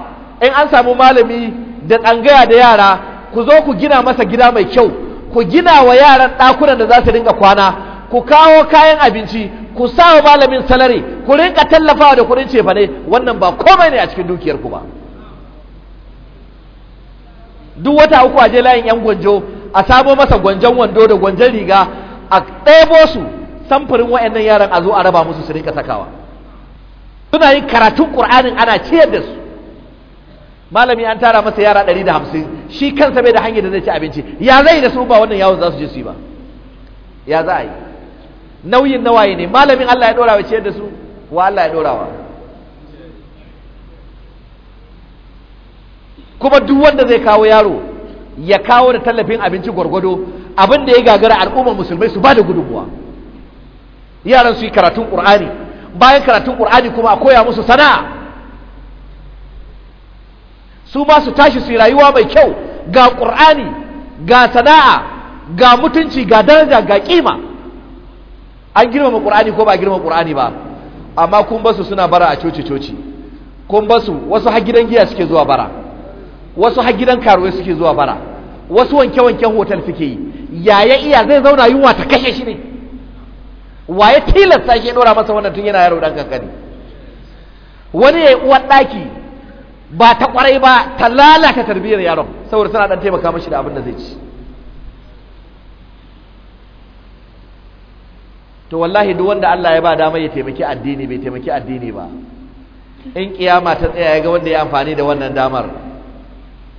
S2: in an samu malami da tsangaya da yara ku zo ku gina masa gida mai kyau ku gina wa yaran ɗakunan da za su ringa kwana ku kawo kayan abinci ku sa wa malamin salari ku rinka tallafawa da kuɗin cefane wannan ba komai ne a cikin dukiyarku ba duk wata uku a je layin yan gwanjo a samo masa gwanjan wando da gwanjan riga a ɗebo su samfurin wa'annan yaran a zo a raba musu su rinka sakawa suna yin karatun ƙur'anin ana ciyar da su malami an tara masa yara ɗari da hamsin shi kansa bai da hanyar da zai ci abinci ya zai da su ba wannan yawon za su je su yi ba ya za a yi nauyin nawaye ne malamin Allah ya ɗorawa ciyar da su wa Allah ya ɗorawa kuma duk wanda zai kawo yaro ya kawo da tallafin abinci gwargwado abinda da ya gagara al'ummar musulmai su ba da gudunmuwa yaran su yi karatun ƙur'ani bayan karatun qur'ani kuma a koya musu sana'a su ma su tashi su rayuwa mai kyau ga ƙur'ani ga sana'a ga mutunci ga daraja ga kima an girmama ƙur'ani ko ba girmama ƙur'ani ba amma kun basu suna bara a coci coci kun basu wasu har gidan giya suke zuwa bara wasu har gidan karuwa suke zuwa bara wasu wanke wanke hotel suke yi yaya iya zai zauna yunwa ta kashe shi ne wa ya tilasta shi ya dora masa wannan tun yana yaro dan kankani wani ya uwar ɗaki, ba ta kwarai ba ta lalata tarbiyyar yaron saboda tana dan taimaka mashi da abin da zai ci to wallahi duk wanda Allah ya ba dama ya taimaki addini bai taimaki addini ba in kiyama ta tsaya ya ga wanda ya amfani da wannan damar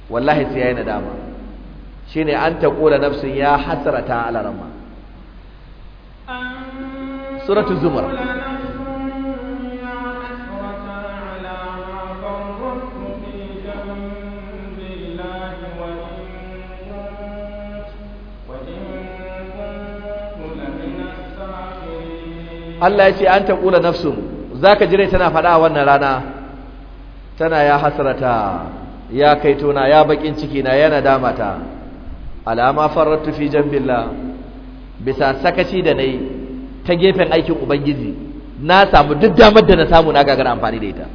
S2: wallahi sai yi nadama shine an taqula nafsin ya hasrata ala rama
S1: سورة zumar Allah ya ce an ƙula nafsun
S2: za ka jire tana faɗa wannan rana tana ya hasrata ya kai tona ya baƙin ciki na yana damata alama tufi jan billa bisa sakaci da na yi ta gefen aikin ubangiji na samu duk damar da na samu na gagara amfani da ita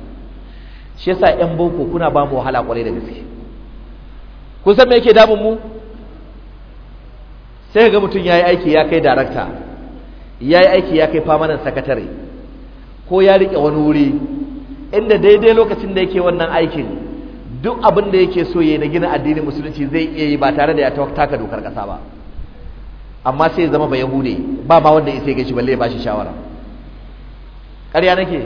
S2: shi yasa yan boko kuna ba mu wahala kwarai da gaske kun san me yake damun mu sai ga mutum yayi aiki ya kai director yayi aiki ya kai permanent secretary ko ya rike wani wuri inda daidai lokacin da yake wannan aikin duk abin da yake so yayi na gina addinin musulunci zai iya yi ba tare da ya taka dokar kasa ba amma sai ya zama ba yahude ba ma wanda ya sai gashi balle ba shi shawara ƙarya nake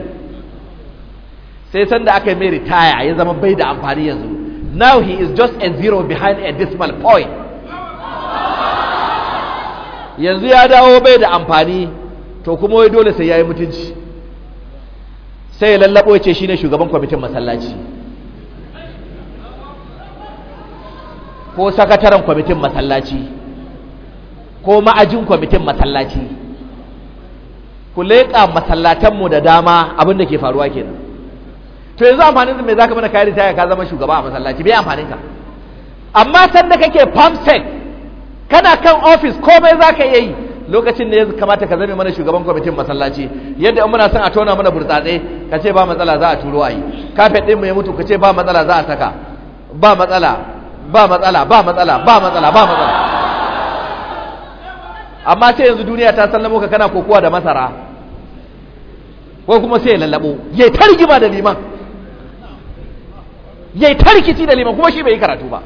S2: sai sanda aka yi mai ritaya ya zama bai da amfani yanzu now he is just a zero behind a decimal point yanzu ya dawo bai da amfani to kuma wai dole sai ya yi mutunci sai ya lallabo ce shine shugaban kwamitin masallaci ko sakataren kwamitin masallaci ko ma'ajin kwamitin masallaci ku leƙa masallatanmu da dama abin da ke faruwa kenan to yanzu amfanin da mai zaka mana kayan ritaya ka zama shugaba a masallaci bai amfanin ka amma sanda kake pamsec kana kan office komai zaka iya yi lokacin da ya kamata ka zame mana shugaban kwamitin masallaci yadda in muna son a tona mana burtsatse ka ce ba matsala za a turo a yi kafet ɗin mu ya mutu ka ce ba matsala za a saka ba matsala ba matsala ba matsala ba matsala ba matsala amma sai yanzu duniya ta sallamo ka kana kokowa da masara ko kuma sai ya lallabo yayi ta rigima da liman yayi ta rikici da liman kuma shi bai yi karatu ba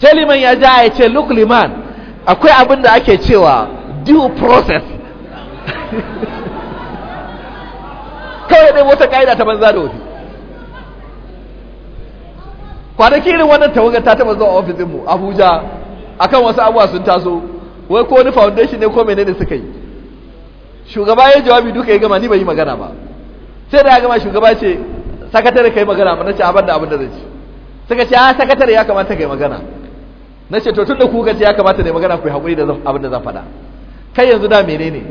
S2: sai liman ya ja ya ce look liman akwai abin da ake cewa due process kawai dai wata ka'ida ta banza da wuce kwanaki irin wannan tawagar ta taba zuwa ofisinmu abuja akan wasu abuwa sun taso wai ko wani foundation ne ko menene suka yi shugaba ya jawabi duka ya gama ni bai yi magana ba sai da ya gama shugaba ce sakatare kai magana ba nace abanda da abin da zai ci suka ce a sakatare ya kamata kai magana nace to tunda ku ce ya kamata ne magana ku yi hakuri da abin da zan faɗa kai yanzu da menene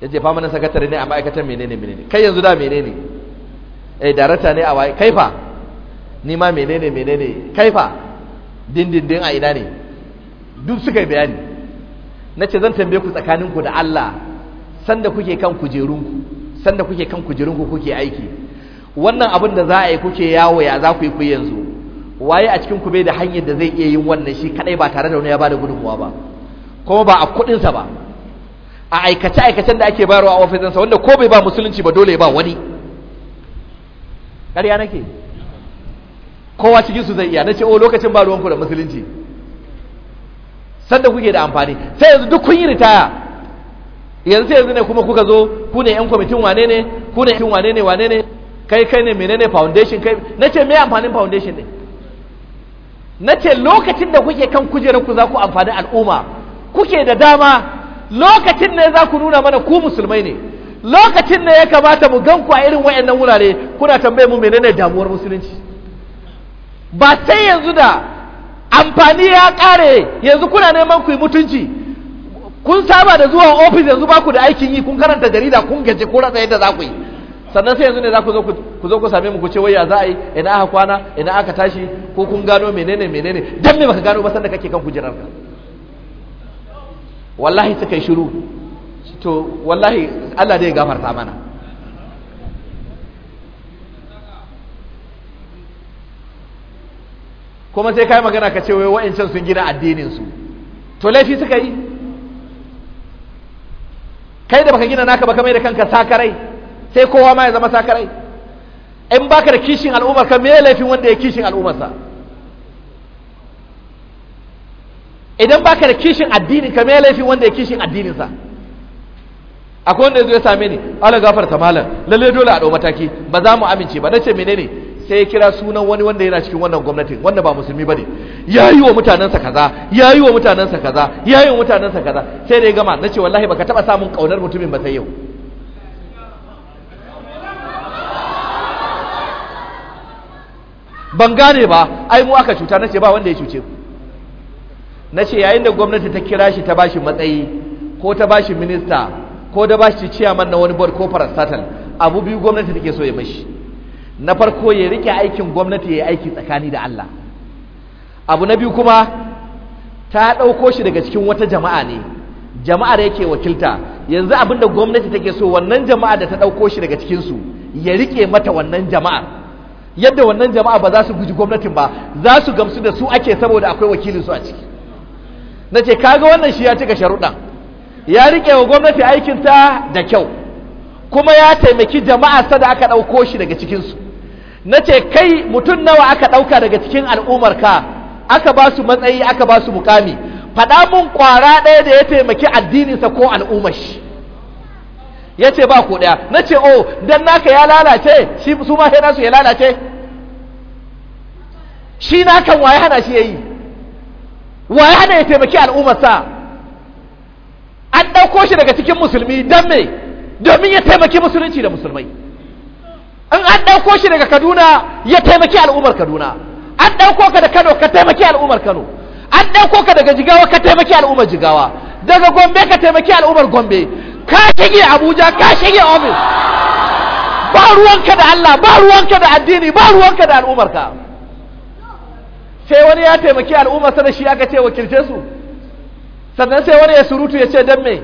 S2: yace fa mana sakatare ne a ma'aikatar menene menene kai yanzu da menene eh darata ne a wai kai fa ni ma menene menene kai fa dindindin a ina ne duk suka yi bayani na ce zan tambaye ku tsakaninku da Allah sanda kuke kan kujerunku sanda kuke kan kujerunku kuke aiki wannan abin da za a yi kuke yawo ya za ku yi ku yanzu waye a cikin ku bai da hanyar da zai iya yin wannan shi kadai ba tare da wani ya bada gudunmuwa ba kuma ba a kudin sa ba a aikace aikacen da ake bayarwa a ofisin sa wanda ko bai ba musulunci ba dole ba wani ƙarya nake kowa cikin su zai iya nace o oh, lokacin ba ku da musulunci sadda kuke da amfani sai yanzu duk kun yi ritaya yanzu yanzu ne kuma kuka zo ku ne yan kwamitin wane ne ku ne yan wane ne wane ne kai kai ne menene foundation kai na ce me amfanin foundation ne na ce lokacin da kuke kan kujerar ku za ku amfani al'umma kuke da dama lokacin ne za ku nuna mana ku musulmai ne lokacin ne ya kamata mu gan ku a irin wayannan wurare kuna tambaye mu menene damuwar musulunci ba sai yanzu da amfani ya kare yanzu kuna neman ku yi mutunci kun saba da zuwa ofis yanzu ba ku da aikin yi kun karanta jarida kun gaje ko ratsa yadda za ku yi sannan sai yanzu ne za ku zo ku zo ku same mu ku ce waya za a yi ina aka kwana ina aka tashi ko kun gano menene menene dan me baka gano ba sanda kake kan kujerar ka wallahi suka yi shiru to wallahi Allah zai gafarta mana kuma sai kai magana ka ce wai wa'ancan sun gina addinin su to laifi suka yi kai da baka gina naka baka mai da kanka sakarai sai kowa ma ya zama sakarai in baka da kishin al'ummar ka me laifin wanda ya kishin al'ummarsa idan baka da kishin addinin ka me laifin wanda ya kishin addininsa akwai wanda ya zo ya same ni Allah gafarta malam lalle dole a dau mataki ba za mu amince ba nace menene sai ya kira sunan wani wanda yana cikin wannan gwamnatin wanda ba musulmi bane ya yi wa mutanensa kaza ya yi wa mutanensa kaza ya yi wa mutanensa kaza sai da ya gama na ce wallahi baka taba samun kaunar mutumin ba sai yau ban gane ba ai mu aka cuta na ce ba wanda ya cuce ku na ce yayin da gwamnati ta kira shi ta bashi matsayi ko ta bashi minista ko da bashi ciyaman na wani board ko parastatal abu biyu gwamnati take so ya mashi na farko ya rike aikin gwamnati ya yi aiki tsakani da Allah abu na biyu kuma ta ɗauko shi daga cikin wata jama'a ne jama'ar yake wakilta yanzu abin da gwamnati take so wannan jama'a da ta ɗauko shi daga cikinsu ya rike mata wannan jama'ar yadda wannan jama'a ba za su guji gwamnatin ba za su gamsu da su ake saboda akwai wakilinsu a ciki na ce kaga wannan shi ya cika sharuɗan ya rike wa gwamnati aikinta da kyau kuma ya taimaki jama'arsa da aka ɗauko shi daga cikinsu na ce kai mutum nawa aka ɗauka daga cikin al'ummarka aka ba su matsayi aka ba su mukami faɗa mun ƙwara ɗaya da ya taimaki addininsa ko al'ummar ya ce ba ku ɗaya na ce o oh, don naka ya lalace shi su ma sai nasu ya lalace shi nakan waye hana shi ya yi waye hana ya taimaki al'ummarsa an ɗauko shi daga cikin musulmi don me domin ya taimaki musulunci da musulmai in an ɗauko shi daga kaduna ya taimaki al'ummar kaduna an ɗauko ka da kano ka taimaki al'ummar kano an ɗauko ka daga jigawa ka taimaki al'ummar jigawa daga gombe ka taimaki al'ummar gombe ka shige abuja ka shige ofis ba ruwanka da allah ba ruwanka da addini ba ruwanka da al'ummarka sai wani ya taimaki al'ummarsa da shi aka ce wakilce su sannan sai wani ya surutu ya ce don me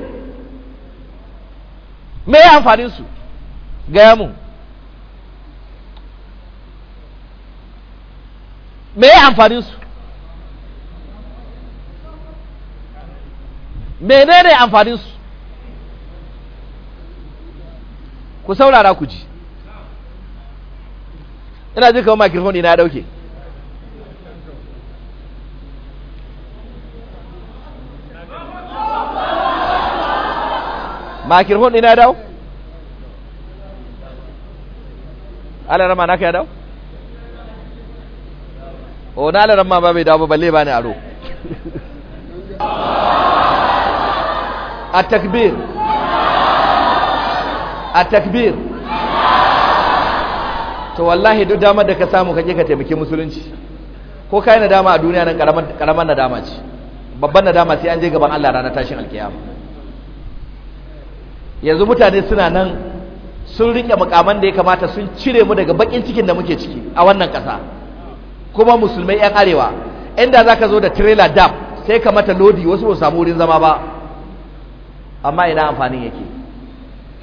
S2: me ya amfanin su gaya mu me ya amfanin su menene amfanin su ku saurara ku ji ina ji kawai microphone na ya dauke microphone ina dau ana rama ka ya dau o na laran ma ba bai dawo balle ba ne aro a takbir a takbir to wallahi duk damar da ka samu kake ka taimake musulunci ko kai na dama a duniya nan karamar na dama ce babban na dama sai an je gaban Allah ranar tashin alkiyama yanzu mutane suna nan sun rike mukaman da ya kamata sun cire mu daga bakin cikin da muke ciki a wannan kasa. kuma musulmai 'yan arewa inda za ka zo da trailer dam sai ka mata lodi wasu ba samu wurin zama ba amma ina amfanin yake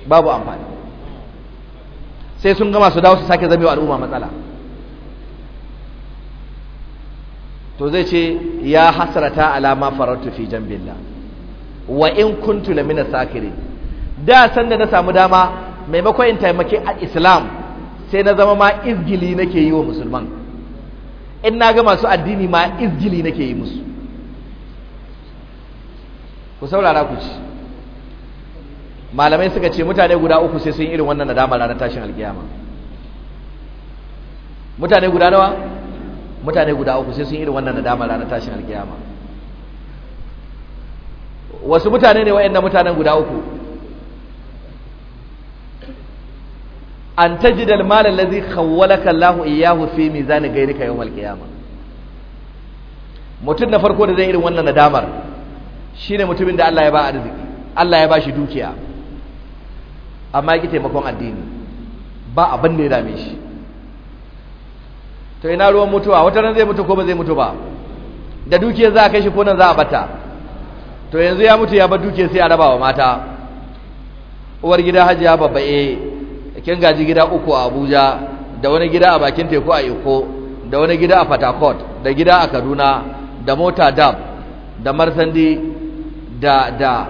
S2: babu amfani sai sun gama su dawo su sake zamewa al'umma matsala to zai ce ya hasarata alama farautu fi jambillah wa in kuntu mina sakirin da sanda na samu dama maimakon in taimaki al'islam islam sai na zama ma izgili nake yi wa musulman in na ga masu addini ma izgili nake yi musu ku saurara ku ci malamai suka ce mutane guda uku sai sun irin wannan nadama ranar tashin alkiyama mutane guda nawa mutane guda uku sai sun irin wannan nadama ranar tashin alkiyama wasu mutane ne na mutanen guda uku an tajida al-mal allazi khawwalaka Allah iyyahu fi mizan ghayrika yawm al-qiyamah mutum na farko da zai irin wannan nadamar shine mutumin da Allah ya ba arziki Allah ya ba shi dukiya amma yake taimakon addini ba abin da ya dame shi to ina ruwan mutuwa wata ran zai mutu ko ba zai mutu ba da dukiyar za a kai shi ko nan za a bata to yanzu ya mutu ya bar dukiyar sai a raba wa mata uwar gida ya babba eh kin gaji gida uku a Abuja da wani gida a bakin teku a Iko da wani gida a Fatakot da gida a Kaduna da mota dab da marsandi da da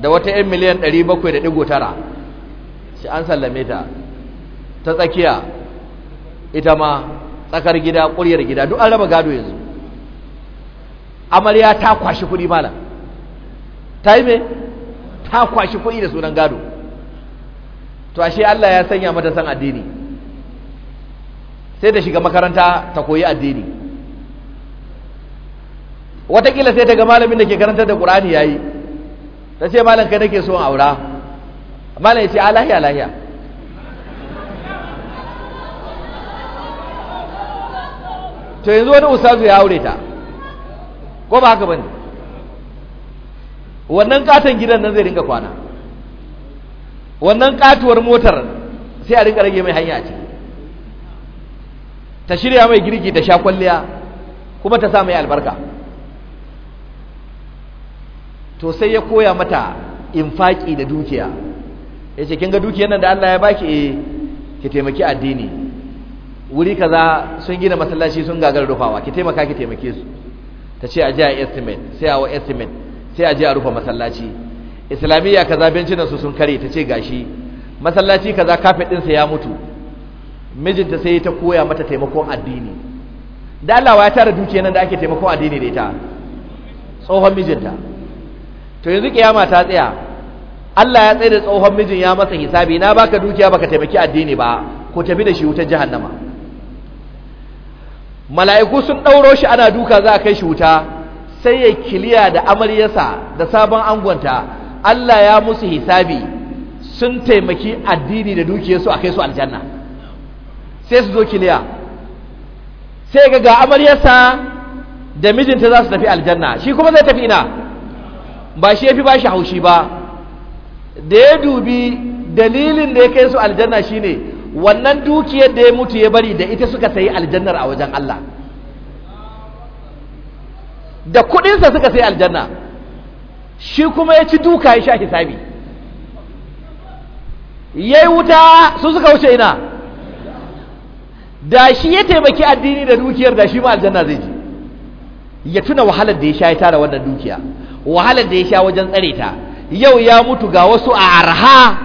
S2: da wata 1 miliyan 700.9 shi an sallame ta ta tsakiya ita ma tsakar gida ƙuryar gida duk an raba gado yanzu amarya ta kwashi kuɗi malam ta yi mai ta kwashi kuɗi da sunan gado to ashe Allah ya sanya mata san addini sai ta shiga makaranta ta koyi addini watakila sai ta ga malamin da ke karantar da ƙur'ani ya yi ta ce malam kai nake son aura malam ya ce alahiya
S3: to yanzu wani ustazu ya aure ta
S2: ko ba haka bane wannan katon gidan nan zai rinka kwana wannan katuwar motar sai a rinka rage mai hanya ce ta shirya mai girki ta sha kwalliya kuma ta sa mai albarka to sai ya koya mata infaki da dukiya ya ce kin ga dukiyar nan da Allah ya baki e ki taimaki addini wuri kaza sun gina masallaci sun gagar rufawa ki taimaka ki taimake su ta ce a ji a estimate sai a wa estimate sai a je a rufe masallaci islamiyya kaza bincinansu su sun kare ta ce gashi masallaci kaza kafet sa ya mutu mijinta sai ta koya mata taimakon addini da Allah ya tara dukiyar nan da ake taimakon addini da ita tsohon mijinta to yanzu kiyama ta tsaya Allah ya tsaye da tsohon mijin ya masa hisabi na baka dukiya baka taimaki addini ba ko tafi da shi wutar jahannama mala'iku sun ɗauro shi ana duka za a kai shi wuta sai ya kiliya da amaryarsa da sabon angonta Allah ya musu hisabi sun taimaki addini da dukiyarsu a kai su aljanna sai su zo kiliya sai ga ga amaryarsa da mijinta za su tafi aljanna shi kuma zai tafi ina ba shi ya fi ba shi haushi ba da ya dubi dalilin da ya kai su aljanna shine wannan dukiyar da ya mutu ya bari da ita suka sayi aljannar a wajen Allah da kuɗinsa suka sai aljanna shi kuma ya ci duka ya sha hisabi ya yi wuta su suka wuce ina da shi ya taimaki addini da dukiyar da shi ma aljanna zai ji ya tuna wahalar da ya sha ya tara wannan dukiya wahalar da ya sha wajen tsare ta yau ya mutu ga wasu a arha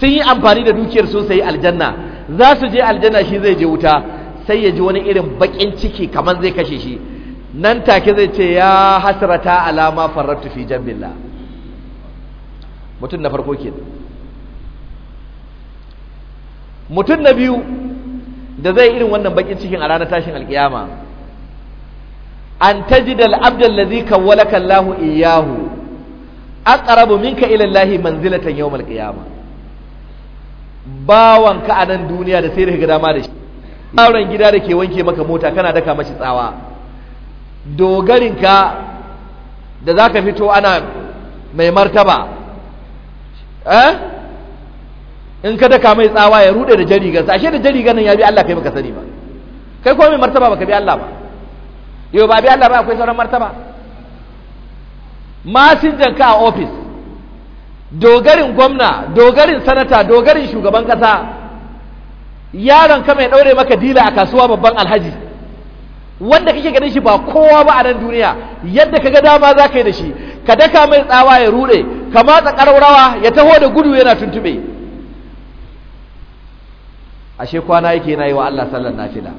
S2: sun yi amfani da dukiyar sun sayi aljanna za su je aljanna shi zai je wuta sai ya ji wani irin baƙin ciki kamar zai kashe shi nan take zai ce ya hasrata alama farratu fi jambilla mutum na farko kenan mutum na biyu da zai irin wannan bakin cikin a ranar tashin alkiyama an tajidal abdal ladhi kawwalaka Allahu iyyahu aqrabu minka ila Allahi manzilatan alqiyama bawan ka a nan duniya da sai da ga dama da shi yaron gida da ke wanke maka mota kana daka mashi tsawa dogarinka da za ka fito ana mai martaba eh in ka daka mai tsawa ya rude da jarigarsa ashe da jarigar nan ya bi Allah kai baka sani ba kai kuma mai martaba baka bi Allah ba yau ba bi Allah ba akwai sauran martaba masinjan ka a ofis dogarin gwamna dogarin sanata dogarin shugaban kasa yaron ka mai daure maka dila a kasuwa babban alhaji wanda kake ganin shi ba kowa ba a nan duniya yadda kaga dama za ka yi da shi ka daka mai tsawa ya rude ka matsa ƙararrawa ya taho da gudu yana tuntube ashe kwana yake yana yi wa Allah sallar nafila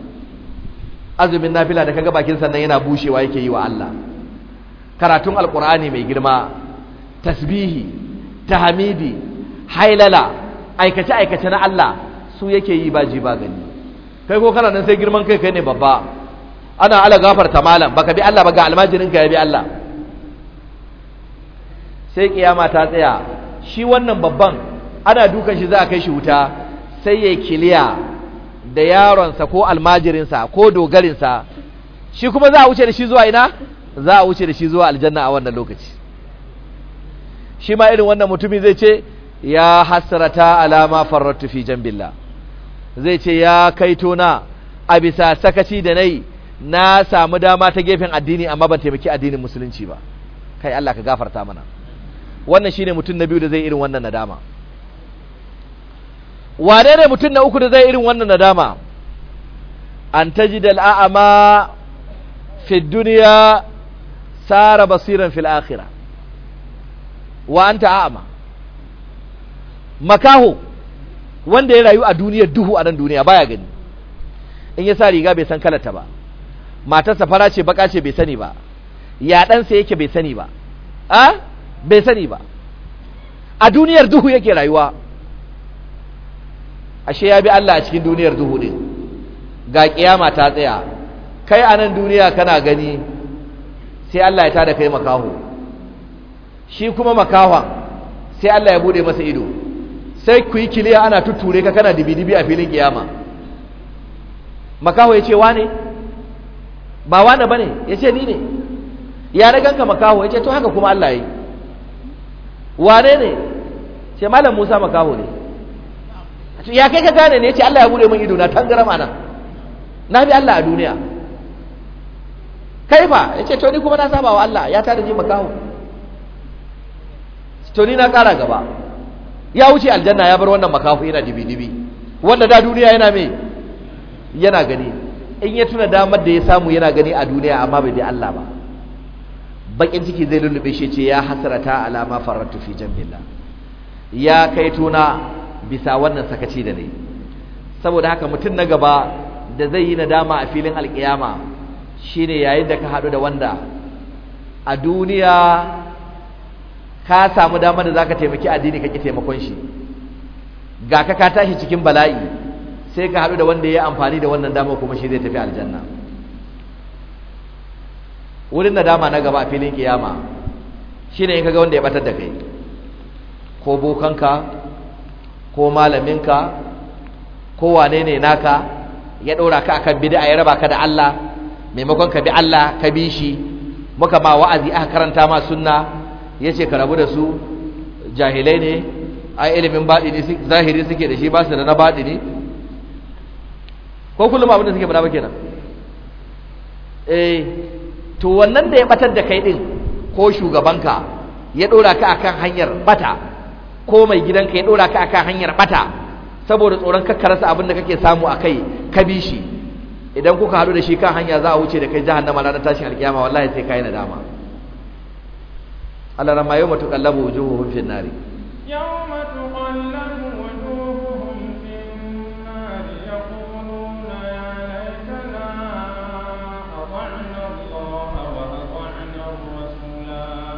S2: azumin nafila da kaga bakin sannan yana bushewa yake yi wa Allah karatun alkur'ani mai girma tasbihi tahmidi hailala aikace aikace na Allah su yake yi ba ji ba gani kai ko kana nan sai girman kai kai ne babba ana ala gafarta malam baka bi Allah ba ga almajirin ka ya bi Allah sai kiyama ta tsaya shi wannan babban ana dukan shi za a kai shi wuta sai ya kiliya da yaronsa ko almajirinsa ko dogarinsa shi kuma za a wuce da shi zuwa ina za a wuce da shi zuwa aljanna a wannan lokaci shi ma irin wannan mutumi zai ce ya hasrata alama farrattu fi jambillah zai ce ya kaito na a bisa sakaci da nayi na samu dama ta gefen addini amma ban taimaki addinin musulunci ba kai Allah ka gafarta mana wannan shine mutum na biyu da zai irin wannan nadama wane ne mutum na uku da zai irin wannan nadama an tajid a'ama fi dunya sara basiran fil akhirah wa anta a'ama makaho wanda ya rayu a duniyar duhu a nan duniya baya gani in ya sa riga bai san kalata ba matarsa fara ce baka ce bai sani ba ya ɗansa yake bai sani ba a bai sani ba a duniyar duhu yake rayuwa ashe ya bi Allah a cikin duniyar duhu ɗin ga kiyama ta tsaya kai a nan duniya kana gani sai Allah ya tada kai makaho shi kuma makahon sai Allah ya buɗe masa ido sai ku yi kiliya ana tutture ka kana dibi-dibi a filin kiyama makaho ya ce wa ne ba wani ya ce ni ne ya na ganka makaho ya ce to haka kuma Allah yi wane ne ce malam Musa makaho ne ya kai ka gane ne ya ce Allah ya bude min ido na tangarama nan na bi Allah a duniya kai fa ce to ni kuma na saba wa Allah ya tada ni makaho to ni na kara gaba ya wuce aljanna ya bar wannan makaho yana dibi dibi wanda da duniya yana me yana gani in ya tuna damar da ya samu yana gani a duniya amma bai bi Allah ba bakin ciki zai lullube shi ce ya hasarata alama faratu fi jambillah ya kai tuna bisa wannan sakaci da nayi saboda haka mutum na gaba da zai yi nadama a filin alkiyama shine yayin da ka hadu da wanda a duniya ka samu damar da zaka taimaki addini ka ki taimakon shi ga ka ka tashi cikin bala'i sai ka haɗu da wanda ya amfani da wannan dama kuma shi zai tafi aljanna wurin da dama na gaba a filin kiyama shine in kaga wanda ya batar da kai ko bokanka ko malaminka ko wane ne naka ya ɗora ka akan bid'a ya raba ka da Allah maimakon ka bi Allah ka bi shi muka ma wa'azi aka karanta ma sunna ce ka rabu da su jahilai ne a ilimin baɗini zahiri suke da shi ba su da na baɗini ko kullum abin da suke faɗa ba kenan eh to wannan da ya batar da kai din ko shugabanka ya dora ka akan hanyar bata ko mai gidanka ya dora ka akan hanyar bata saboda tsoron kakkarasa abin da kake samu a kai ka bi shi idan kuka haɗu da shi kan hanya za a wuce da kai jahannama ranar tashin alkiyama wallahi sai kai nadama Allah rama yau matuƙallabu wujuhu fin nari
S1: yawma tuqallabu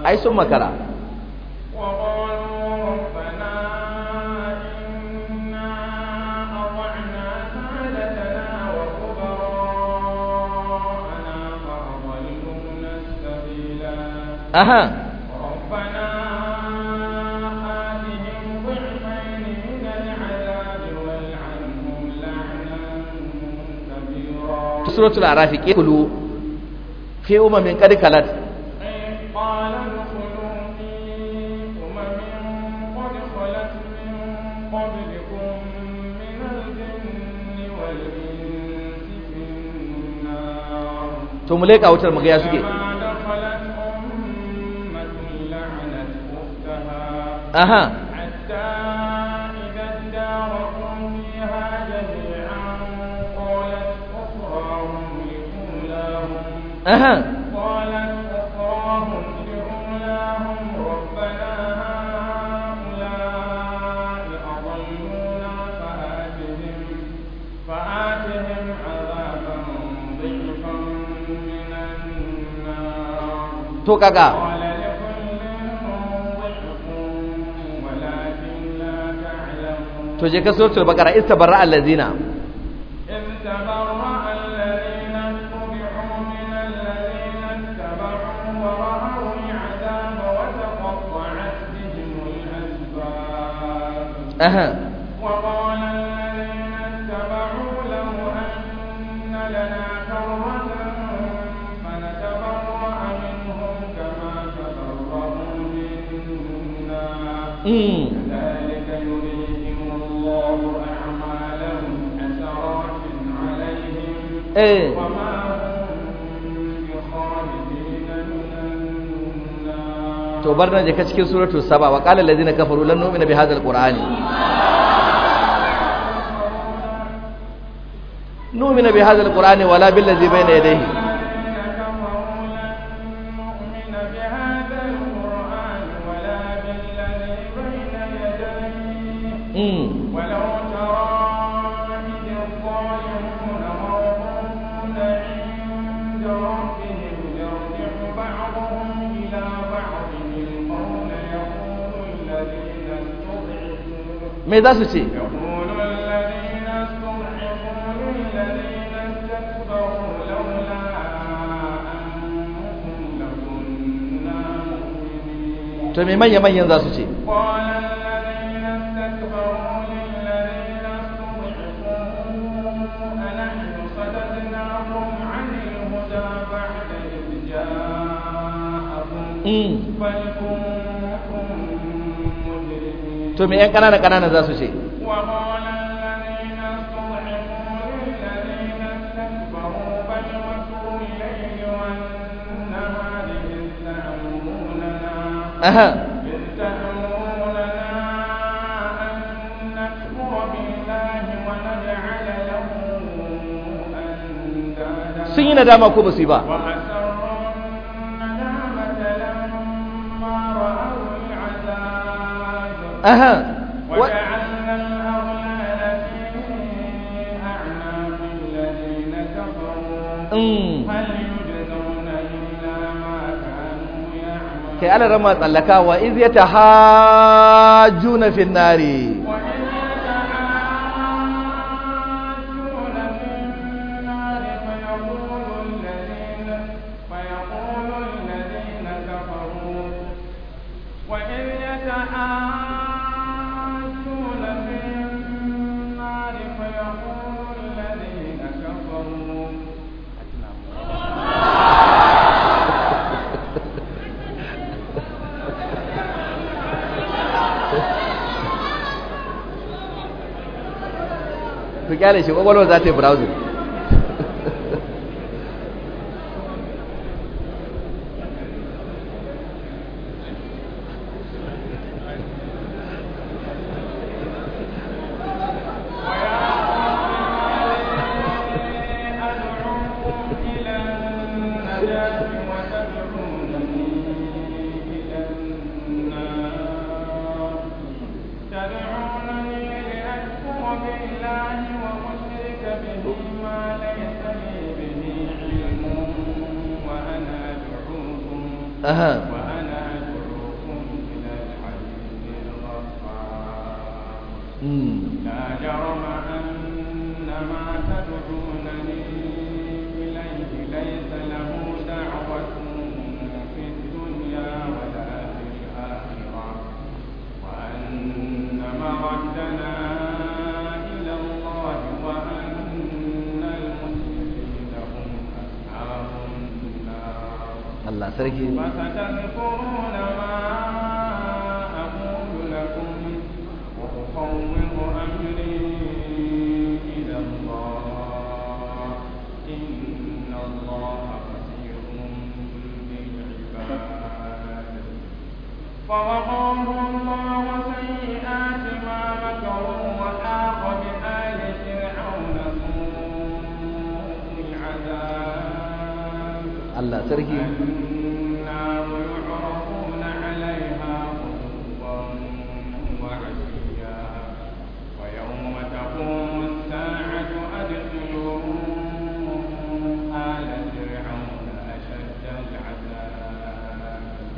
S2: ai sun makara
S3: aha
S1: suratul
S2: arafi kulu fi umamin qad kalat
S1: to mu leƙa wutar mu ga ya suke aha aha to kaga to je ka suratul baqara istabarra allazina Eh.
S2: to bar na jika cikin suratu saba wa qala na kafaru lan nu'mina bi hadzal qur'ani nu'mina bi hadzal qur'ani wala bil ladzi bayna yadayhi
S3: me za su ce
S1: to me manya-manyan za su ce to me yan
S2: kanana kanana za su ce
S1: sun yi dama ko ba su yi ba أها و... وجعلنا الأغلال في أعناق الذين كفروا هل يجزون إلا ما كانوا يعملون كألا رمى تسلكا وإذ
S2: يتحاجون في النار kyale shi kwakwalwar za ta yi browsing
S1: sarki وستذكرون ما أقول لكم وأفوض أمري إلى الله إن الله بصير
S3: بالعباد
S1: فوقاه الله سيئات ما مكروا وحاق بآل فرعون سوء العذاب الله ترجي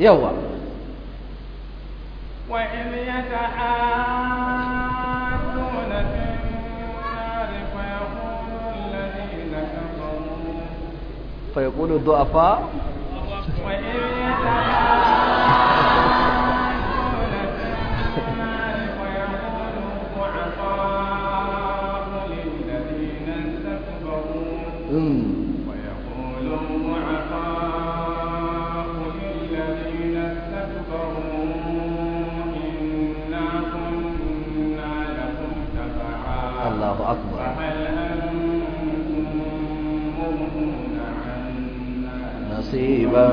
S1: yawa وإذ يتحاجون في النار فيقول الذين كفروا
S2: فيقول الضعفاء
S1: نصيبا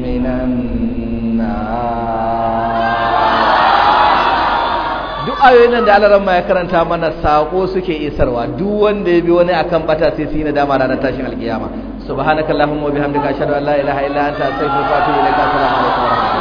S1: minan النار
S2: duk ayoyin da Allah ya karanta mana sako suke isarwa duk wanda ya bi wani akan bata sai
S3: sai na ranar tashin alkiyama subhanakallahumma wa bihamdika ashhadu an la ilaha illa anta astaghfiruka